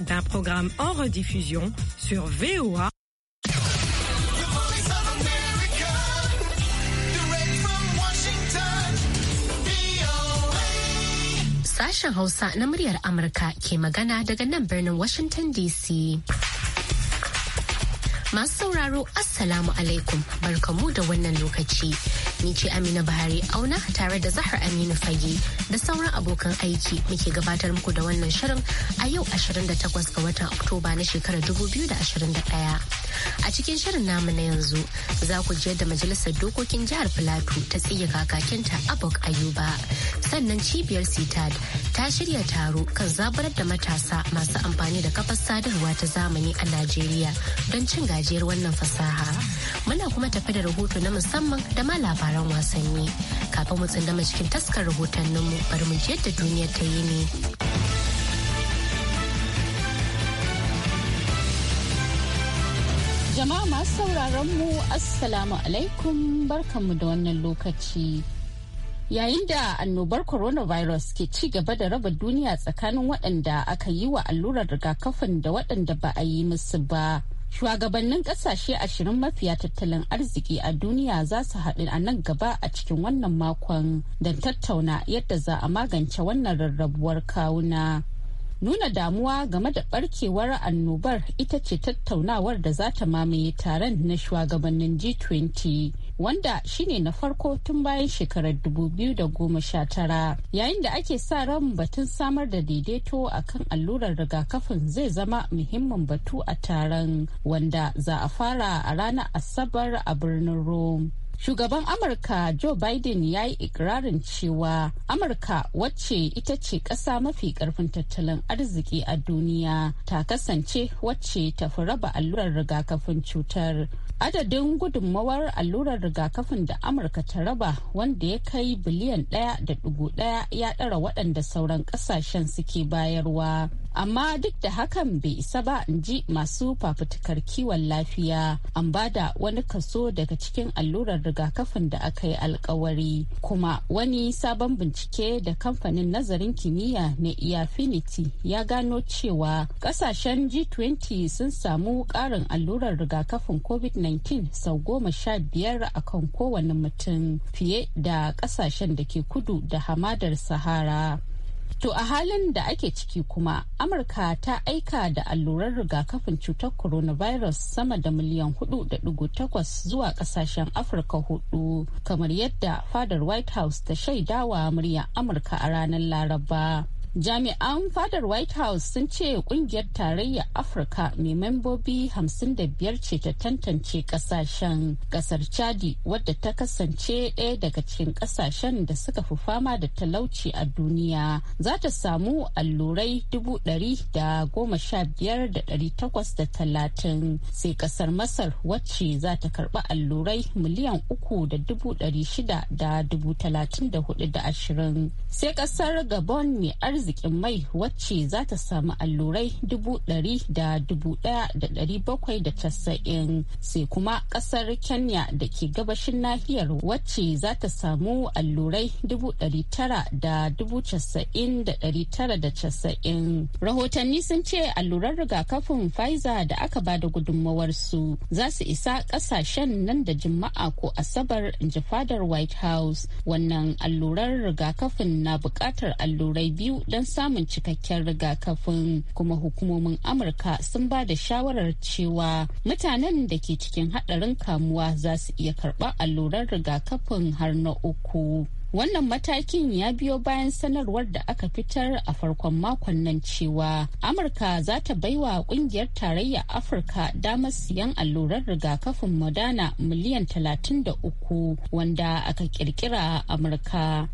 d'un programme en rediffusion sur VOA. Sashen Hausa na muryar Amurka ke magana daga nan birnin Washington DC. Masu sauraro, Assalamu alaikum, barkamu da wannan lokaci. ni ce Amina Bahari Auna tare da Zahra Aminu Fage da sauran abokan aiki muke gabatar muku da wannan shirin a yau 28 ga watan Oktoba na shekarar 2021. A cikin shirin namu na yanzu za ku ji da Majalisar Dokokin Jihar Filato ta tsiya kakakinta Abok Ayuba. Sannan cibiyar Sitad ta shirya taro kan zabarar da matasa masu amfani da kafar sadarwa ta zamani a Najeriya don cin gajiyar wannan fasaha. Muna kuma tafi da rahoto na musamman da ma labaran wasanni kafin mu tsindama cikin taskar rahotanninmu bari mu je yadda duniya ta yi ne. Jama'a masu sauraron mu Assalamu alaikum barkanmu da wannan lokaci. Yayin da annobar coronavirus ke ci gaba da raba duniya tsakanin waɗanda aka yi wa allurar rigakafin da waɗanda ba a yi musu ba. shugabannin kasashe ashirin mafiya tattalin arziki a duniya za su haɗu a nan gaba a cikin wannan makon don tattauna yadda za a magance wannan rarrabuwar kawuna nuna damuwa game da barkewar annobar ita ce tattaunawar da za ta mamaye taron na shugabannin g20 wanda shine na farko tun bayan shekarar 2019 yayin da ake sa ran batun samar da daidaito akan allurar rigakafin zai zama muhimmin batu a taron wanda za a fara a ranar asabar a birnin rome Shugaban Amurka Joe Biden ya yi ikirarin cewa Amurka wacce ita ce ƙasa mafi ƙarfin tattalin arziki a duniya ta kasance wacce ta fi raba allurar rigakafin cutar. Adadin gudunmawar allurar rigakafin da Amurka ta raba wanda ya kai biliyan ɗaya da dugu ɗaya ya ɗara waɗanda sauran ƙasashen suke bayarwa. amma duk da hakan bai isa ba in ji masu fafutukar kiwon lafiya an bada wani kaso daga cikin allurar rigakafin da aka yi alkawari kuma wani sabon bincike da kamfanin nazarin kimiyya na iafinity ya gano cewa kasashen g20 sun samu karin allurar rigakafin covid-19 sau goma sha biyar a kan kowane mutum fiye da kasashen da ke kudu da hamadar sahara To a halin da ake ciki kuma Amurka ta aika da allurar rigakafin cutar coronavirus sama da miliyan 4.8 zuwa kasashen Afirka hudu kamar yadda fadar White House ta shaidawa muryar Amurka a ranar Laraba. jami'an fadar white house sun ce kungiyar tarayya afirka mai membobi 55 ce ta tantance kasashen kasar chadi wadda ta kasance ɗaya daga cikin kasashen da suka fi fama da talauci a duniya za ta samu allurai talatin sai kasar masar wacce za ta karba allurai miliyan ashirin sai kasar gabon mai arziki arzikin mai wacce za ta samu allurai dubu da dubu da bakwai da casa'in sai kuma ƙasar kenya da ke gabashin nahiyar wacce za ta samu allurai dubu tara da dubu casa'in da ɗari tara da casa'in rahotanni sun ce allurar rigakafin pfizer da aka ba da gudunmawarsu za su isa ƙasashen nan da jima'a ko asabar in ji fadar white house wannan allurar rigakafin na buƙatar allurai biyu don samun cikakken rigakafin kuma hukumomin amurka sun ba da shawarar cewa mutanen da ke cikin hadarin kamuwa za su iya karɓar allurar rigakafin har na uku wannan matakin ya biyo bayan sanarwar da aka fitar a farkon makon nan cewa amurka za ta baiwa kungiyar tarayya afirka damar siyan allurar rigakafin modana miliyan 33 wanda aka kirkira amurka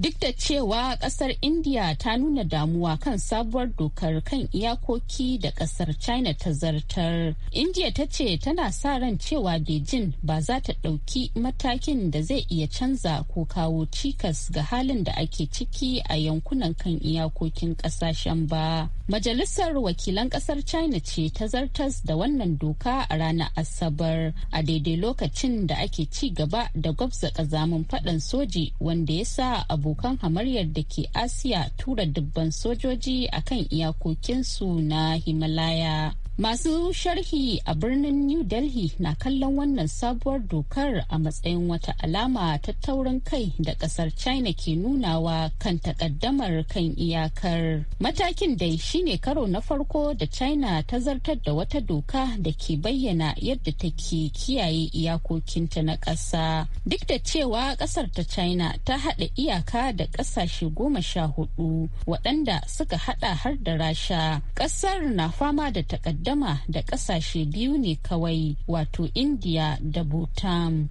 Duk da cewa kasar India ta nuna damuwa kan sabuwar dokar kan iyakoki da kasar China ta zartar. India ta ce tana sa ran cewa Beijing ba za ta ɗauki matakin da zai iya canza ko kawo cikas ga halin da ake ciki a yankunan kan iyakokin ƙasashen ba. Majalisar wakilan kasar China ce ta zartas da wannan doka a ranar Asabar a daidai lokacin da ake ci gaba da gwabza kazamin faɗan soji wanda ya sa abu abokan hamaryar da ke asiya tura dubban sojoji akan iyakokinsu na himalaya Masu sharhi a birnin New Delhi na kallon wannan sabuwar dokar a matsayin wata alama ta taurin kai da kasar China ke nunawa kan takaddamar kan iyakar. Matakin dai shine karo na farko da China ta zartar da wata doka da ke bayyana yadda take kiyaye iyakokinta na ƙasa. Duk da cewa ƙasar ta China ta haɗa iyaka da ƙasashe goma sha hudu waɗanda suka haɗa har da Rasha. Ƙasar na fama da takaddamar takaddama da kasashe biyu ne kawai wato indiya da bhutan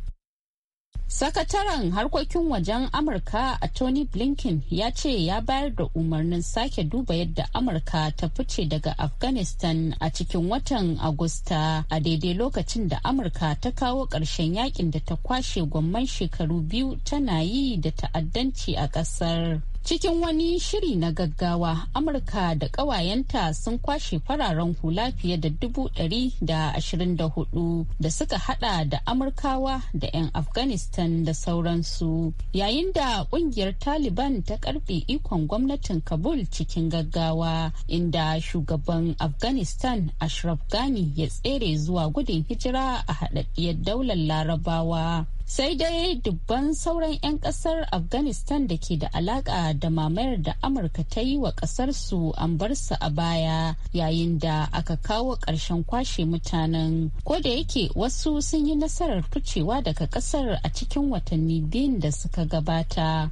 Sakataren harkokin wajen Amurka a Tony Blinken ya ce ya bayar da umarnin sake duba yadda Amurka ta fice daga Afghanistan a cikin watan Agusta a daidai lokacin da Amurka ta kawo ƙarshen yakin da ta kwashe gwamman shekaru biyu tana yi da ta'addanci a ƙasar. cikin wani shiri na gaggawa amurka da ƙawayenta sun kwashe fararen hula fiye da dubu ɗari da ashirin da hudu da suka hada da amurkawa da 'yan afghanistan da sauransu yayin da ƙungiyar taliban ta karfe ikon gwamnatin kabul cikin gaggawa inda shugaban afghanistan ashraf ghani ya tsere zuwa gudun hijira a haɗaɗɗiyar daular larabawa sai dai dubban sauran 'yan kasar afghanistan da ke da alaka da mamayar da amurka ta yi wa su an bar su a baya yayin da aka kawo ƙarshen kwashe mutanen ko da yake wasu sun yi nasarar ficewa daga kasar a cikin watanni biyun da suka gabata.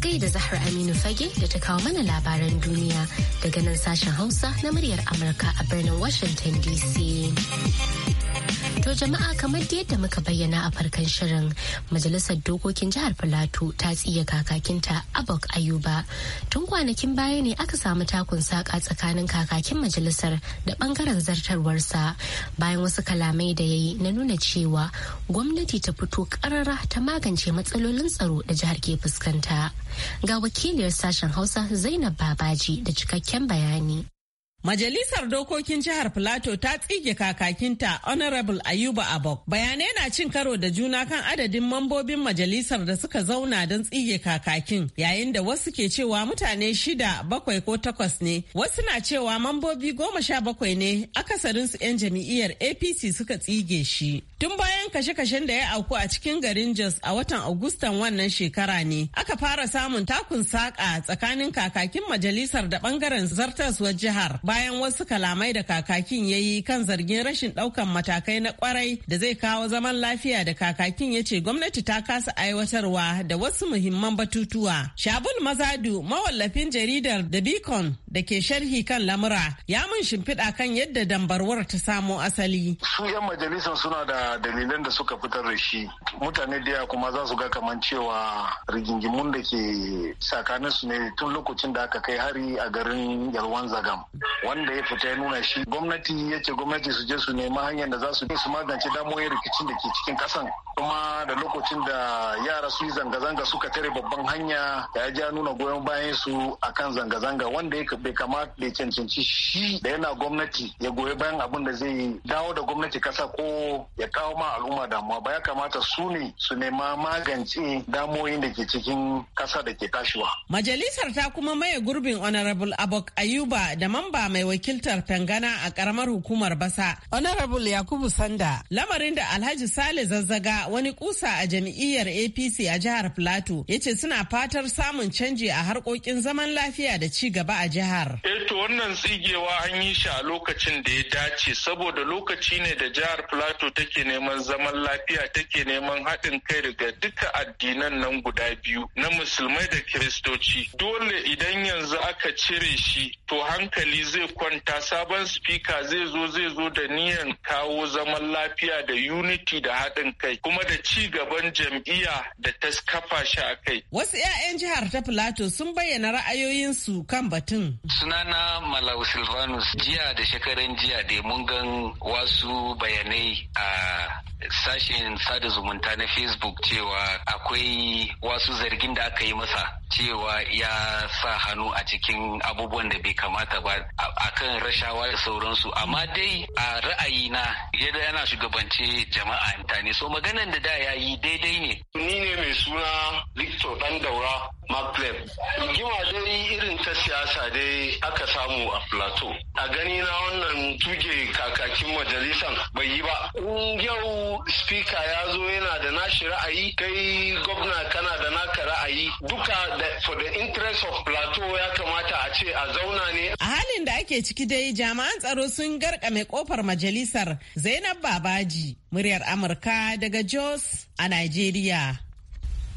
gai da Zahra Aminu Fage da ta kawo mana labaran duniya daga nan sashen Hausa na muryar Amurka a birnin Washington DC. To jama'a kamar da yadda muka bayyana a farkon shirin majalisar dokokin jihar Filato ta tsiya kakakinta Abok Ayuba. Tun kwanakin baya ne aka samu takun saƙa tsakanin kakakin majalisar da bangaren zartarwarsa bayan wasu kalamai da ya yi na nuna cewa gwamnati ta fito karara ta magance matsalolin tsaro da jihar ke fuskanta. Ga wakiliyar sashen Hausa Zainab Babaji da cikakken bayani. Majalisar Dokokin Jihar Filato ta tsige kakakinta Honorable Ayuba Abok. Bayanai na cin karo da juna kan adadin mambobin majalisar da suka zauna don tsige kakakin, yayin da wasu ke cewa mutane shida, bakwai ko takwas ne. Wasu na cewa mambobi goma sha bakwai ne, akasarin su 'yan jami'iyar APC suka tsige shi. Tun bayan kashe-kashen da ya auku a cikin garin Jos a watan Agustan wannan shekara ne, aka fara samun takun saƙa tsakanin kakakin majalisar da ɓangaren zartaswar jihar. bayan wasu kalamai da kakakin ya yi kan zargin rashin ɗaukan matakai na kwarai da zai kawo zaman lafiya da kakakin ya ce gwamnati ta kasa aiwatarwa da wasu muhimman batutuwa. Shabul Mazadu mawallafin jaridar da Beacon da ke sharhi kan lamura ya mun shimfiɗa kan yadda dambarwar ta samo asali. Su 'yan majalisar suna da dalilan da suka fitar da shi. Mutane da kuma za su ga kaman cewa rigingimun da ke tsakanin su ne tun lokacin da aka kai hari a garin Yarwan Zagam. Wanda ya fita ya nuna shi gwamnati ya ce gwamnati su je su nema hanyar da za su su magance damoyin rikicin da ke cikin kasan. kuma da lokacin da yara su yi zanga-zanga suka tare babban hanya ya ja nuna goyon bayan su akan zanga-zanga wanda ya bai kamata bai cancanci shi da yana gwamnati ya goyi bayan abin da zai dawo da gwamnati kasa ko ya kawo ma al'umma damuwa ba ya kamata su ne su nema magance damoyin da ke cikin kasa da ke tashiwa. Majalisar ta kuma maye gurbin Honorable Abok Ayuba da mamba mai wakiltar Tangana a karamar hukumar Basa. Honorable Yakubu Sanda. Lamarin da Alhaji Sale Zazzaga wani kusa a jam'iyyar APC a jihar Plateau ya ce suna fatar samun canji a harkokin zaman lafiya da ci gaba a jihar. Eto eh, wannan tsigewa an yi shi a lokacin da ya dace saboda lokaci ne da jihar Plateau take neman zaman lafiya take neman haɗin kai daga duka addinan nan guda biyu na musulmai da kiristoci. Dole idan yanzu aka cire shi to hankali zai kwanta sabon spika zai zo zai zo da niyan kawo zaman lafiya da unity da haɗin kai kuma da ci gaban jam'iyya da ta kafa shi a kai. Wasu 'ya'yan jihar ta Filato sun bayyana ra'ayoyinsu kan batun. Sunana Malawi Silvanus jiya da shekaran jiya da mun gan wasu bayanai a sashen sada zumunta na Facebook cewa akwai wasu zargin da aka yi masa cewa ya sa hannu a cikin abubuwan da bai kamata ba akan rashawa da sauransu amma dai a ra'ayina yadda yana shugabanci jama'a mutane so maganan da da ya yi daidai ne. Ni ne mai suna Victor Dan Daura Macleb. Gima dai irin ta siyasa dai aka samu a Plateau. A gani na wannan tuge kakakin majalisan bai yi ba. yau speaker ya zo yana da nashi ra'ayi kai gwamna kana da naka ra'ayi duka for the interest of Plateau ya kamata a ce a zauna ne. A halin da ake ciki dai jami'an tsaro sun garkame kofar majalisar Zainab Babaji, muryar Amurka daga Jos a Najeriya.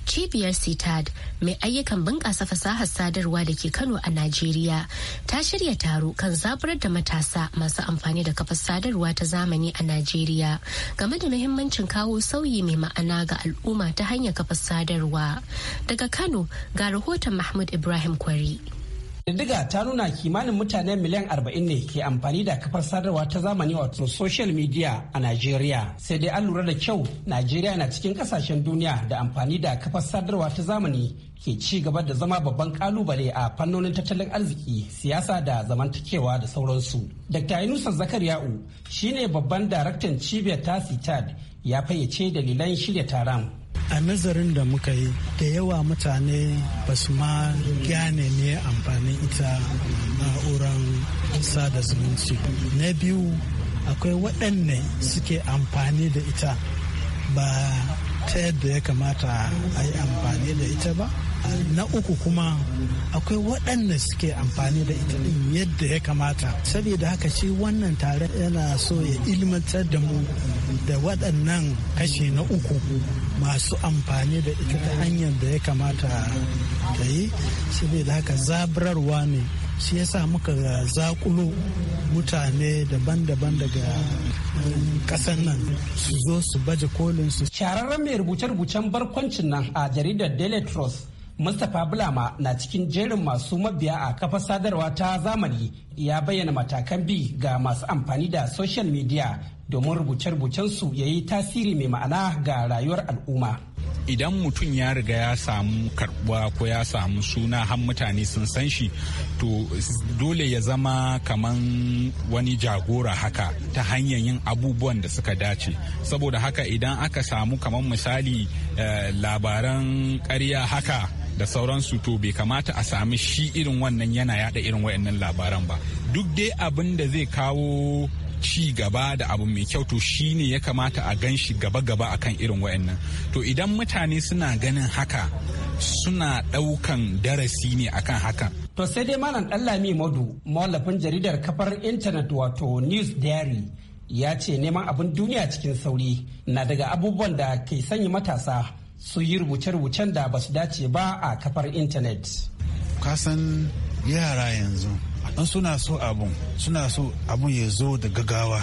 Cibiyar CITAD mai ayyukan bunƙasa fasahar sadarwa da ke Kano a Najeriya ta shirya taro kan zaburar da matasa masu amfani da kafar sadarwa ta zamani a Najeriya game da muhimmancin kawo sauyi mai ma'ana ga al'umma ta hanyar kafar sadarwa. Daga Kano ga rahoton Mahmud Ibrahim Kwari. Diddiga ta nuna kimanin mutane miliyan 40 ne ke amfani da kafar sadarwa ta zamani wato social media a Najeriya. Sai dai an lura da kyau Najeriya na cikin kasashen duniya da amfani da kafar sadarwa ta zamani ke ci gaba da zama babban kalubale a fannonin tattalin arziki, siyasa da zamantakewa da sauransu. Dr. Yunusa Zakariya'u shine babban daraktan cibiyar Tasi Tad ya fayyace dalilan shirya taron. a nazarin da muka yi da yawa mutane ba su ma gane ne amfanin ita na'urar sada zumunci na biyu akwai waɗanne suke amfani da ita ba ta yadda ya kamata a yi amfani da ita ba na uku kuma akwai waɗanda suke amfani da ita din yadda ya kamata saboda haka shi wannan tare yana so ya ilmantar da mu da waɗannan kashe na uku masu amfani da ita ta hanyar da ya kamata ta yi saboda haka zaburarwa ne shi yasa muka zakulo mutane daban-daban daga kasan nan su zo su baje kolin su. Shararren mai rubuce-rubucen barkwancin nan a jaridar Daily Trust Mustapha Bulama na cikin jerin masu mabiya a kafa sadarwa ta zamani ya bayyana matakan bi ga masu amfani da social media domin rubuce-rubucensu ya yi tasiri mai ma'ana ga rayuwar al'umma. Idan mutum ya riga ya samu karbuwa ko ya samu suna har mutane sun san shi to dole ya zama kaman wani jagora haka ta hanyar yin abubuwan da suka dace. Saboda haka idan aka samu kaman misali eh, labaran ƙarya haka da sauransu to bai kamata a sami shi irin wannan yana yada irin wayannan labaran ba duk dai abin da zai kawo ci gaba da abu mai kyau to shi ne ya kamata a gan shi gaba-gaba akan irin wayannan to idan mutane suna ganin haka suna ɗaukan darasi ne akan haka to sai dai malam ɗallami madu mallafin jaridar kafar intanet wato news diary ya ce neman abin duniya cikin sauri na daga abubuwan da ke sanya matasa su yi rubuce-rubucen da ba su dace ba a kafar intanet. kasan yara yanzu in suna so abun suna so abun ya zo da gagawa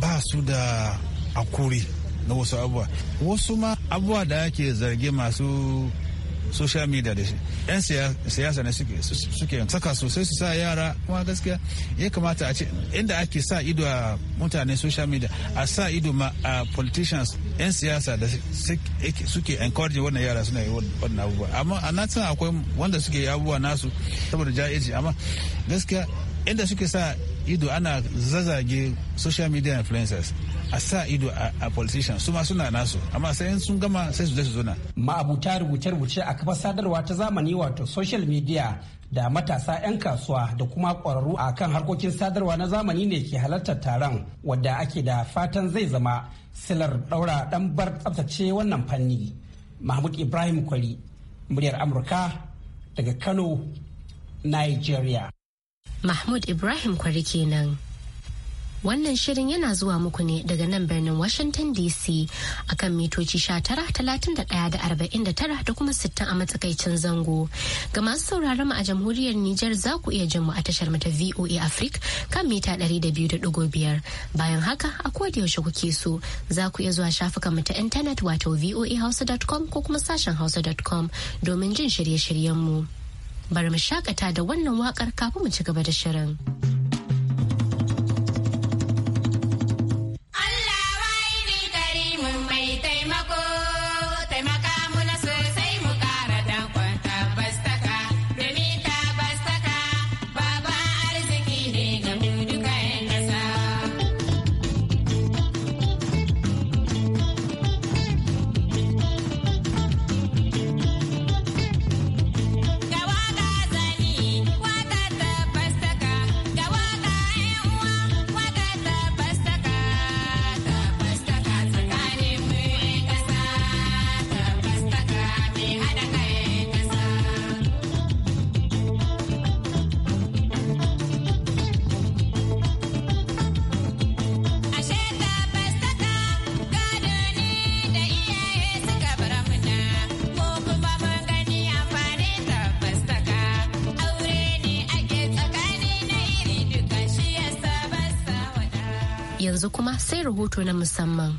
ba su da akuri na wasu abubuwa wasu ma abuwa da ake zarge masu social media da shi yan siyasa ne suke suke saka sosai su sa yara kuma gaskiya ya kamata a ce inda ake sa ido a mutane social media a sa ido ma a politicians yan siyasa da suke encourage wannan yara suna yi wannan abubuwa amma a nan akwai wanda suke yi abubuwa nasu saboda ja'iji amma gaskiya inda suke sa ido ana zazage social media influencers a sa ido a politician su ma suna nasu amma sai sun gama sai su je su zona ma'abuta rubuce-rubuce a kafar sadarwa ta zamani wato social media da matasa 'yan kasuwa da kuma ƙwararru a kan harkokin sadarwa na zamani ne ke halartar taron wadda ake da fatan zai zama silar ɗaura ɗan bar tsabtace wannan fanni mahmud ibrahim kwari muryar amurka daga kano nigeria mahmud ibrahim kwari kenan Wannan shirin yana zuwa muku ne daga nan birnin Washington DC akan mitoci talatin da da kuma 60 a matsakaicin zango. Ga masu sauraron mu a jamhuriyar Nijar za ku iya jin mu a tashar mata VOA Africa kan mita 200.5. Bayan haka a koda yaushe kuke so za ku iya zuwa shafukan mu ta intanet wato voahouse.com ko kuma sashen hausa.com domin jin shirye-shiryen mu. Bari mu shakata da wannan wakar kafin mu ci gaba da shirin. akwai rahoto na musamman.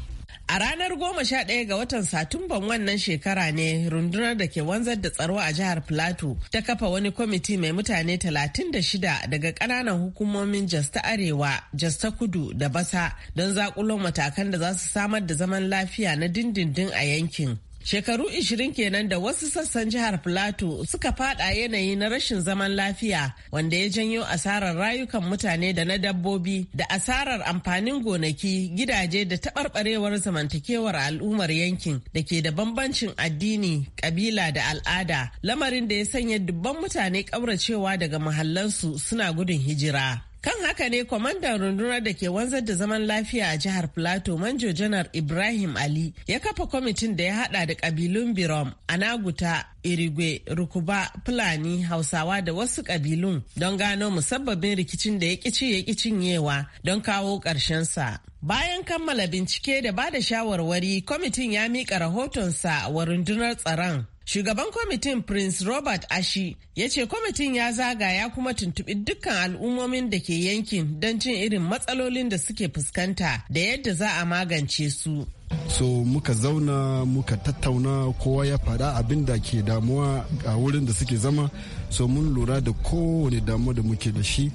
A ranar goma sha ɗaya ga watan Satumban wannan shekara ne rundunar da ke wanzar da tsaro a jihar Plateau ta kafa wani kwamiti mai mutane 36 daga ƙananan hukumomin Jas ta Arewa, Jas ta Kudu da Basa don zaƙulon matakan da za su samar da zaman lafiya na dindindin a yankin. Shekaru 20 kenan da wasu sassan jihar Filato suka fada yanayi na rashin zaman lafiya wanda ya janyo asarar rayukan mutane da na dabbobi da asarar amfanin gonaki, gidaje da taɓarɓarewar zamantakewar al'ummar yankin da ke da bambancin addini, ƙabila da al'ada, lamarin da ya sanya dubban mutane ƙauracewa daga mahallansu suna gudun hijira. Kan haka ne kwamandan rundunar da ke wanzar da zaman lafiya a jihar Plateau Manjo Janar Ibrahim Ali ya kafa kwamitin da ya hada da kabilun Birom, Anaguta, Irigwe, Rukuba, Fulani, Hausawa da wasu kabilun don gano musabbabin rikicin da ya kici ya cinyewa don kawo ƙarshensa. Bayan kammala bincike da ba da shawarwari, kwamitin ya miƙa rahotonsa wa rundunar tsaron. Shugaban kwamitin Prince Robert Ashi ya ce kwamitin ya zaga ya kuma tuntubi dukkan al'ummomin da ke yankin don cin irin matsalolin da suke fuskanta da yadda za a magance su. so muka zauna muka tattauna kowa ya fada abin da ke damuwa a wurin da suke zama so mun lura da kowane damuwa da muke da shi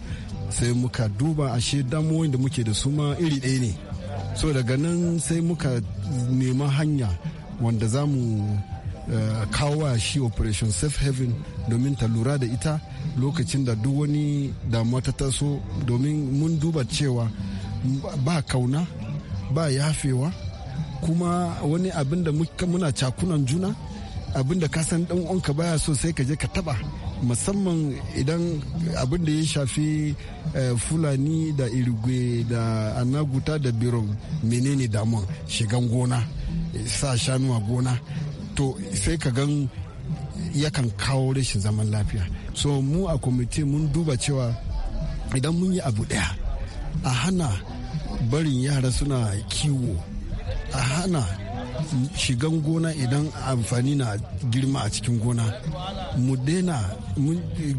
sai muka duba ashe damuwoyin da muke da su ma iri ɗaya ne so daga nan sai muka nema hanya wanda za mu Eh, kawo shi operation safe haven domin ta lura da ita lokacin da duk wani damuwa ta taso domin mun duba cewa ba kauna ba yafewa kuma wani abin da muna cakunan juna abin da kasan dan uwanka baya so sai ka je ka taba musamman idan abin da ya shafi eh, fulani da irigwe da anaguta da biron menene damuwa shigan gona sa shanuwa gona to sai ka gan yakan kawo rashin zaman lafiya so mu a kwamiti mun duba cewa idan mun yi abu daya a hana barin yara suna kiwo a hana shigan gona idan amfani na girma a cikin gona mu daina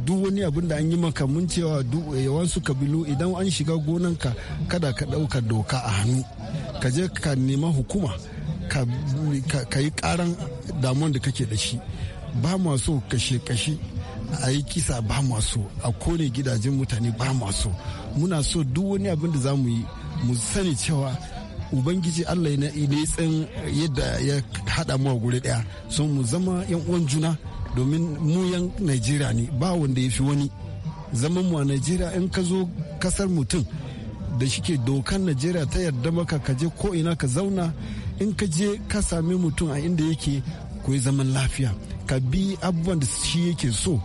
duk wani abin da an yi maka mun cewa yawansu kabilu idan an shiga gonanka kada ka ɗauka doka a hannu ka je ka nema hukuma ka yi karan damuwan da kake da shi ba ma so kashe-kashe a yi kisa ba ma a kone gidajen mutane ba ma so muna so duk wani abin da za mu yi mu sani cewa ubangiji allah ne tsin yadda ya hada mu a guri daya so mu zama yan uwan juna domin mu yan najeriya ne ba wanda ya fi wani zaman mu a najeriya in ka zo kasar mutum da shike dokan najeriya ta yarda maka ka je ko ina ka zauna in ka je ka sami mutum a inda yake koyi zaman lafiya ka bi abubuwan da shi yake so.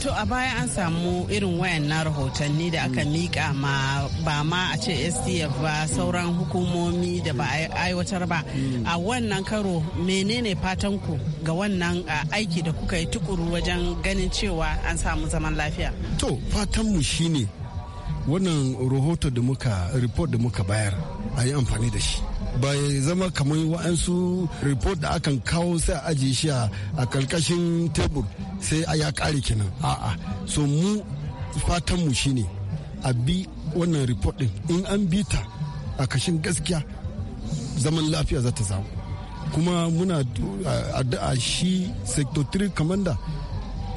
To a baya an samu irin wayan na rahotanni da aka mika ma ba ma a ce STF ba sauran hukumomi da ba aiwatar ba. Mm. A wannan karo menene fatan ku ga wannan aiki da kuka yi tukuru wajen ganin cewa an samu zaman lafiya? To mu shine wannan rahoto da muka report da muka bayar a yi amfani da shi. ba ya zama kamar wa'ansu report da akan kawo sai a ajiye shi a karkashin tebur sai a ya kare kenan a'a so mu fatanmu shine a bi wannan report din in an bi ta a kashin gaskiya zaman lafiya za ta samu kuma muna addu'a shi sector 3 commander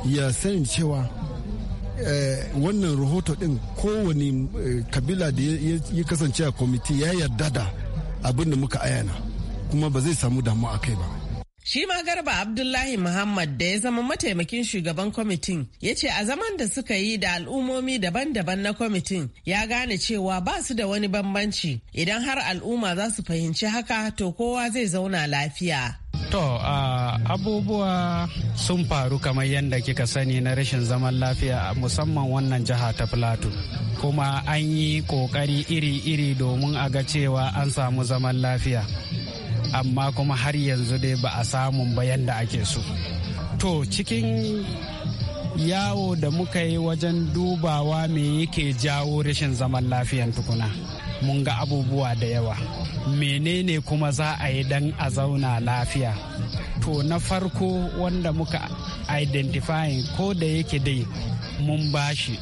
ya sani cewa eh, wannan rahoto din kowane eh, kabila da ya kasance a kwamiti ya yarda da abin da muka ayana kuma ba zai samu damuwa a kai ba. Shi ma Garba Abdullahi Muhammad da ya zama mataimakin shugaban kwamitin ya ce a zaman da suka yi da al'ummomi daban-daban na kwamitin ya gane cewa ba su da wani bambanci idan har al'umma za su fahimci haka to kowa zai zauna lafiya. To, uh, abubuwa sun faru kamar yadda kika sani na rashin zaman lafiya musamman wannan jiha ta Filato. Kuma an yi kokari iri-iri domin a ga cewa an samu zaman lafiya. Amma kuma har yanzu dai ba a samun ba yadda ake so. To, cikin yawo da muka yi wajen dubawa me yake jawo rashin zaman lafiyan tukuna. mun ga abubuwa da yawa menene kuma za a yi don a zauna lafiya to na farko wanda muka identifying ko da yake dai mun bashi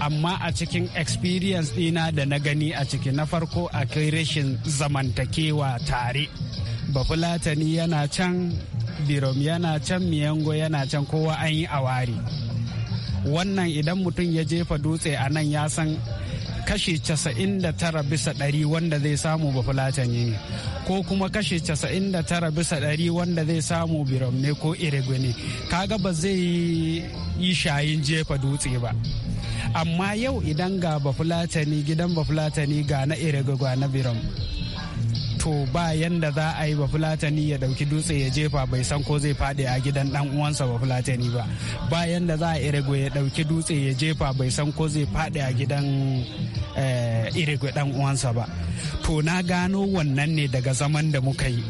amma a cikin experience dina da na gani a ciki na farko a kai rashin zamantakewa tare bafulatani yana can birom yana can miyango yana can kowa an yi awari wannan idan mutum ya jefa dutse a nan ya san kashi 99 bisa dari wanda zai samu bafulatani ne ko kuma kashi 99 bisa dari wanda zai samu biram ko irigwe ne kaga ba zai yi shayin jefa dutse ba amma yau idan ga bafulatani gidan bafulatani ga na irigwe ga na biram to ba yanda za a yi ba fulatani ya dauki dutse ya jefa bai san ko zai fadi a gidan dan uwansa ba fulatani ba ba yanda za a irigwe ya dauki dutse ya jefa bai san ko zai fadi a gidan eh, irigwe dan uwansa ba to na gano wannan ne daga zaman da muka yi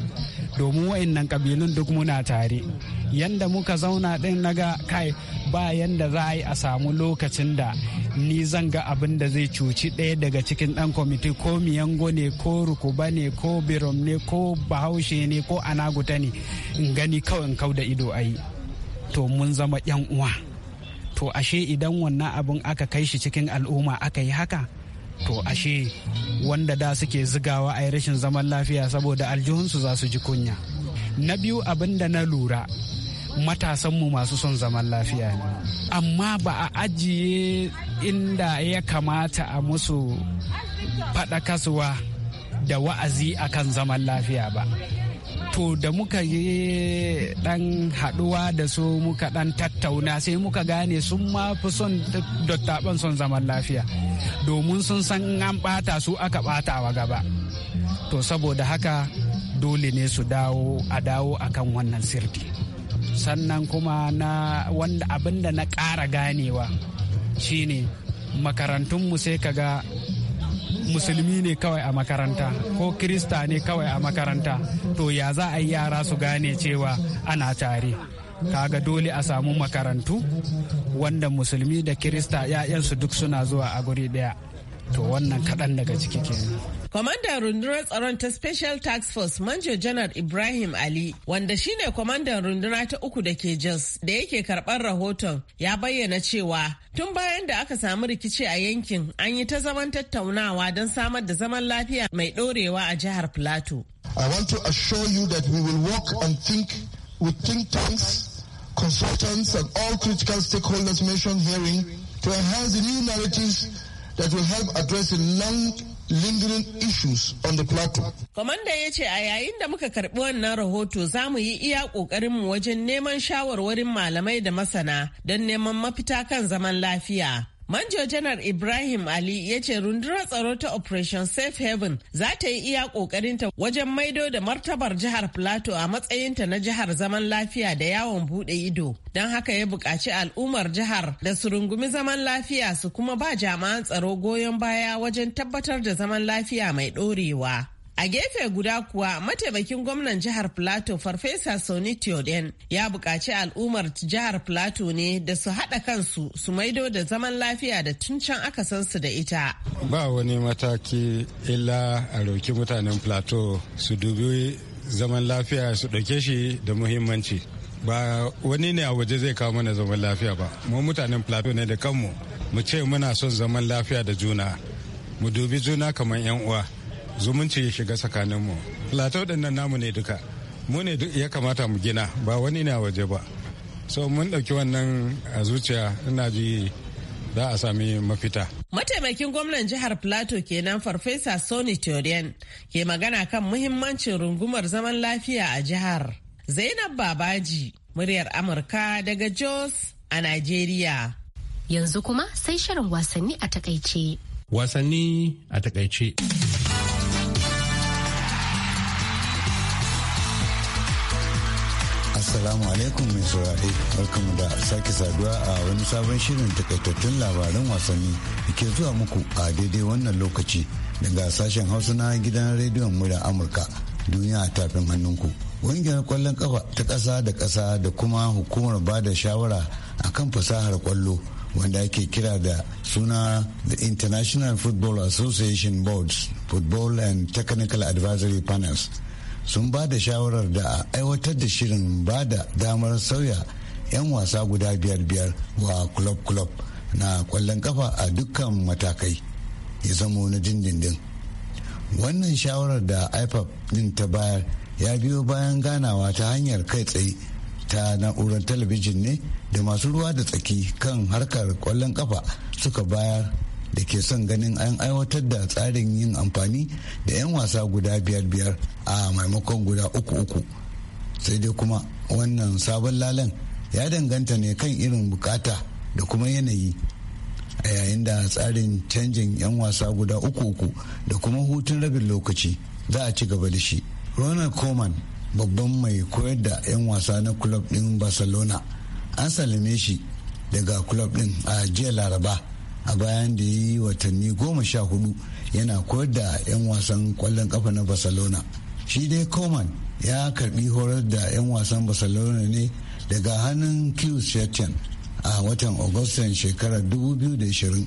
domin wa'annan kabilun duk muna tare yanda muka zauna din ga kai ba yanda za a yi a samu lokacin da ni zan ga abin da zai cuci ɗaya daga cikin ɗan kwamiti ko miyango ne ko rukuba ne ko birom ne ko bahaushe ne ko anaguta ne in gani kawai in kau da ido a yi to mun zama yan uwa to ashe idan wannan abin aka kai shi cikin al'umma aka yi haka to ashe wanda da suke zigawa a rashin zaman lafiya saboda aljihunsu za su ji kunya na biyu abin da na lura matasanmu masu son zaman lafiya ne amma ba a ajiye inda ya kamata a musu faɗakaswa da wa'azi akan zaman lafiya ba to da muka yi dan haduwa da su muka dan tattauna sai muka gane sun ma fi son dattaban son zaman lafiya domin sun san in an bata su aka wa gaba to saboda haka dole ne su dawo a dawo akan wannan sirdi sannan kuma na wanda abinda na ƙara ganewa shine makarantunmu sai kaga musulmi ne kawai a makaranta ko kirista ne kawai a makaranta to ya za a yi yara su gane cewa ana tare kaga dole a samu makarantu wanda musulmi da kirista 'ya'yansu duk suna zuwa a guri daya to wannan kaɗan daga ciki kenan Kwamandan rundunar tsaron ta Special Task Force Manjo Janar Ibrahim Ali, wanda shine kwamandan runduna ta uku da ke Jos da yake karɓar rahoton, ya bayyana cewa tun bayan da aka samu rikici a yankin an yi ta zaman tattaunawa don samar da zaman lafiya mai ɗorewa a jihar Plateau. I want to assure you that we will work and think with think tanks, consultants and all critical stakeholders mentioned hearing to enhance the new narratives that will help address the long lingering issues on the plateau. Kwamanda ya ce a yayin da muka karɓi wannan rahoto za mu yi iya ƙoƙarinmu wajen neman shawarwarin malamai da masana don neman mafita kan zaman lafiya. Manjo Janar Ibrahim Ali ya ce rundunar tsaro ta Operation Safe Haven za ta yi iya ƙoƙarinta wajen maido da martabar jihar Plateau a matsayinta na jihar zaman lafiya da yawon buɗe ido. Don haka ya buƙaci al'ummar jihar da su rungumi zaman lafiya su kuma ba jami'an tsaro goyon baya wajen tabbatar da zaman lafiya mai ɗorewa. A gefe guda kuwa mataimakin gwamnan jihar Plateau Farfesa sauni Theoden ya buƙaci al'ummar jihar Plateau ne da su haɗa kansu su maido da zaman lafiya da tun can aka san su da ita. Ba wani mataki illa a roki mutanen Plateau su dubi zaman lafiya su ɗauke shi da muhimmanci. Ba wani ne a waje zai kawo mana zaman lafiya ba. Mu mutanen Plateau ne da kanmu mu ce muna son zaman lafiya da juna. Mu dubi juna kamar 'yan uwa. zumunci ya shiga tsakaninmu plateau ɗin nan namu ne duka mu ne duk ya kamata mu gina ba wani na waje ba so mun ɗauki wannan a zuciya ina ji za a sami mafita. Mataimakin gwamnan jihar Plateau kenan Farfesa Sony Teodian ke magana kan muhimmancin rungumar zaman lafiya a jihar. Zainab Babaji, muryar Amurka daga Jos a Najeriya. Yanzu kuma sai shirin wasanni a takaice. Wasanni a takaice. Assalamu alaikum mai saurari barkamu da sake saduwa a wani sabon shirin takaitattun labaran wasanni da ke zuwa muku a daidai wannan lokaci daga sashen hausa na gidan rediyon murya Amurka duniya a tafin hannunku. Ƙungiyar kwallon kafa ta ƙasa da ƙasa da kuma hukumar ba da shawara a kan fasahar kwallo wanda ake kira da suna the international football association boards football and technical advisory panels sun ba da shawarar da a aiwatar da shirin ba da damar sauya 'yan wasa guda biyar biyar wa club club na kwallon kafa a dukkan matakai ya zamo na dindindin wannan shawarar da ipap din ta bayar ya biyo bayan ganawa ta hanyar kai tsaye ta na'urar talabijin ne da masu ruwa da tsaki kan harkar kwallon kafa suka bayar da ke son ganin an aiwatar da tsarin yin amfani da 'yan wasa guda biyar biyar a maimakon guda uku uku sai dai kuma wannan sabon lalan ya danganta ne kan irin bukata da kuma yanayi a yayin da tsarin canjin 'yan wasa guda uku uku da kuma hutun rabin lokaci za a ci gaba da shi ronald coleman babban mai koyar da 'yan wasa na club din barcelona an salame shi daga club din a jiya laraba a bayan da ya yi watanni goma sha hudu yana koyar da 'yan wasan kwallon kafa na barcelona shi dai coman ya karbi horar da 'yan wasan barcelona ne daga hannun Kius Shetan a watan Agustan shekarar 2020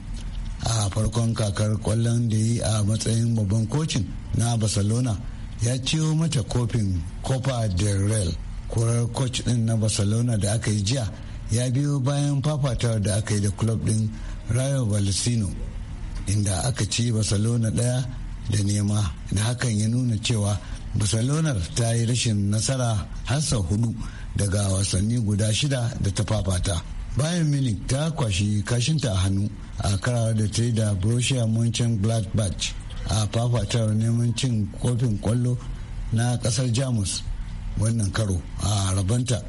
a farkon kakar kwallon da yi a matsayin babban kocin na Barcelona ya ciyo mata kofin Copa del Rey kurar coach din na Barcelona da aka yi jiya ya biyo bayan fafatawar da aka yi da club din rayo valentino inda aka ci barcelona ɗaya da nema da hakan ya nuna cewa barcelona ta yi rashin nasara har sau hudu daga wasanni guda shida da ta fafata bayan munich ta kwashi kashinta a hannu a karawa da ta yi da borussia mönchengladbach a fafatar neman cin kofin kwallo na kasar jamus wannan karo a rabanta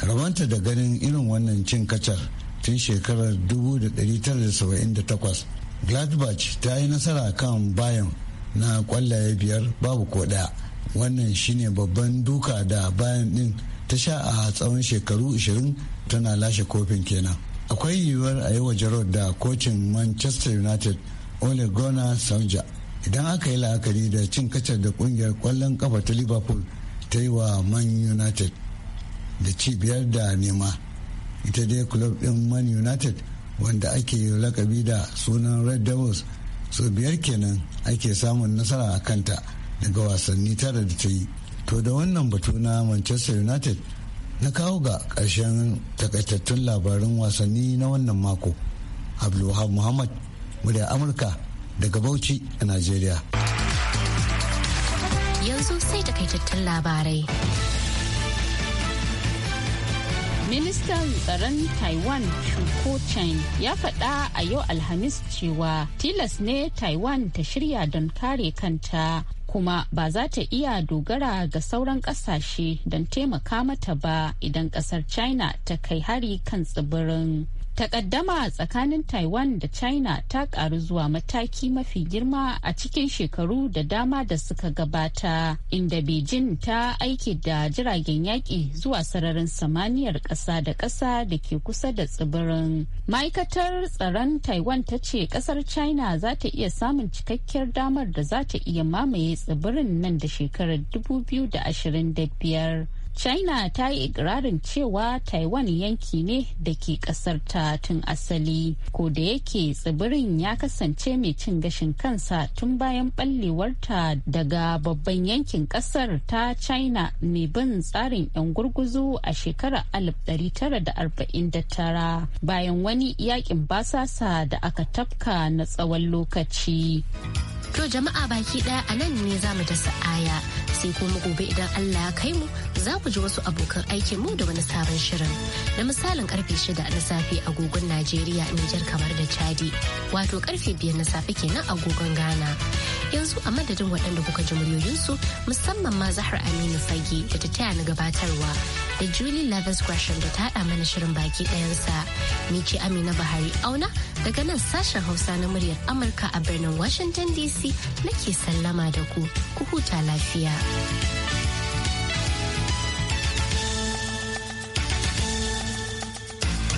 rabanta da ganin irin wannan cin kacar tun shekarar 1978 gladbach ta yi nasara kan bayan na kwallaye biyar babu ko daya wannan shine babban duka da bayan din ta sha a tsawon shekaru 20 tana lashe kofin kenan akwai yiwuwar a yi wa jarod da kocin manchester united ole gona sanja idan aka yi la'akari da cin kacar da kungiyar kwallon kafa ta liverpool ta yi wa man united da ci biyar da nema ita dai club din man united wanda ake yi lakabi da sunan red devils so biyar kenan ake samun nasara a kanta daga wasanni tara da ta yi to da wannan batu na manchester united na kawo ga ƙarshen takaitattun labarin wasanni na wannan mako abdulwahab muhammad murya amurka daga bauchi a najeriya yanzu sai takaitattun labarai ministan tsaron taiwan shuko chen ya faɗa a yau alhamis cewa tilas ne taiwan ta shirya don kare kanta kuma ba za ta iya dogara ga sauran kasashe don taimaka mata ba idan kasar china ta kai hari kan tsibirin takaddama tsakanin taiwan da china ta karu zuwa mataki mafi girma a cikin shekaru da dama da suka gabata inda beijing ta aiki da jiragen yaƙi zuwa sararin samaniyar ƙasa da ƙasa da ke kusa da tsibirin ma'aikatar tsaron taiwan ta ce ƙasar china za ta iya samun cikakkiyar damar da za ta iya mamaye tsibirin nan da shekarar 2025 china ta yi ikirarin cewa taiwan yanki ne da ke kasar ta tun asali ko da yake tsibirin ya kasance mai cin gashin kansa tun bayan ballewarta daga babban yankin kasar ta china ne bin tsarin 'yan gurguzu a shekarar 1949 bayan wani yakin basasa da aka tafka na tsawon lokaci To jama'a baki daya a nan ne za mu dasa aya sai kuma gobe idan Allah ya kai mu za ku ji wasu abokan aikin mu da wani sabon shirin na misalin karfe shida na safe agogon Najeriya Nijar kamar da Chadi wato karfe biyar na safe kenan agogon Ghana. Yanzu a madadin waɗanda kuka ji muryoyinsu musamman ma Zahra Aminu Fage da ta taya ni gabatarwa da Julie Lavis Gresham da ta haɗa mana shirin baki ɗayansa. Ni ce Amina Bahari Auna daga nan sashen Hausa na muryar Amurka a birnin Washington DC nake sallama da ku ku huta lafiya.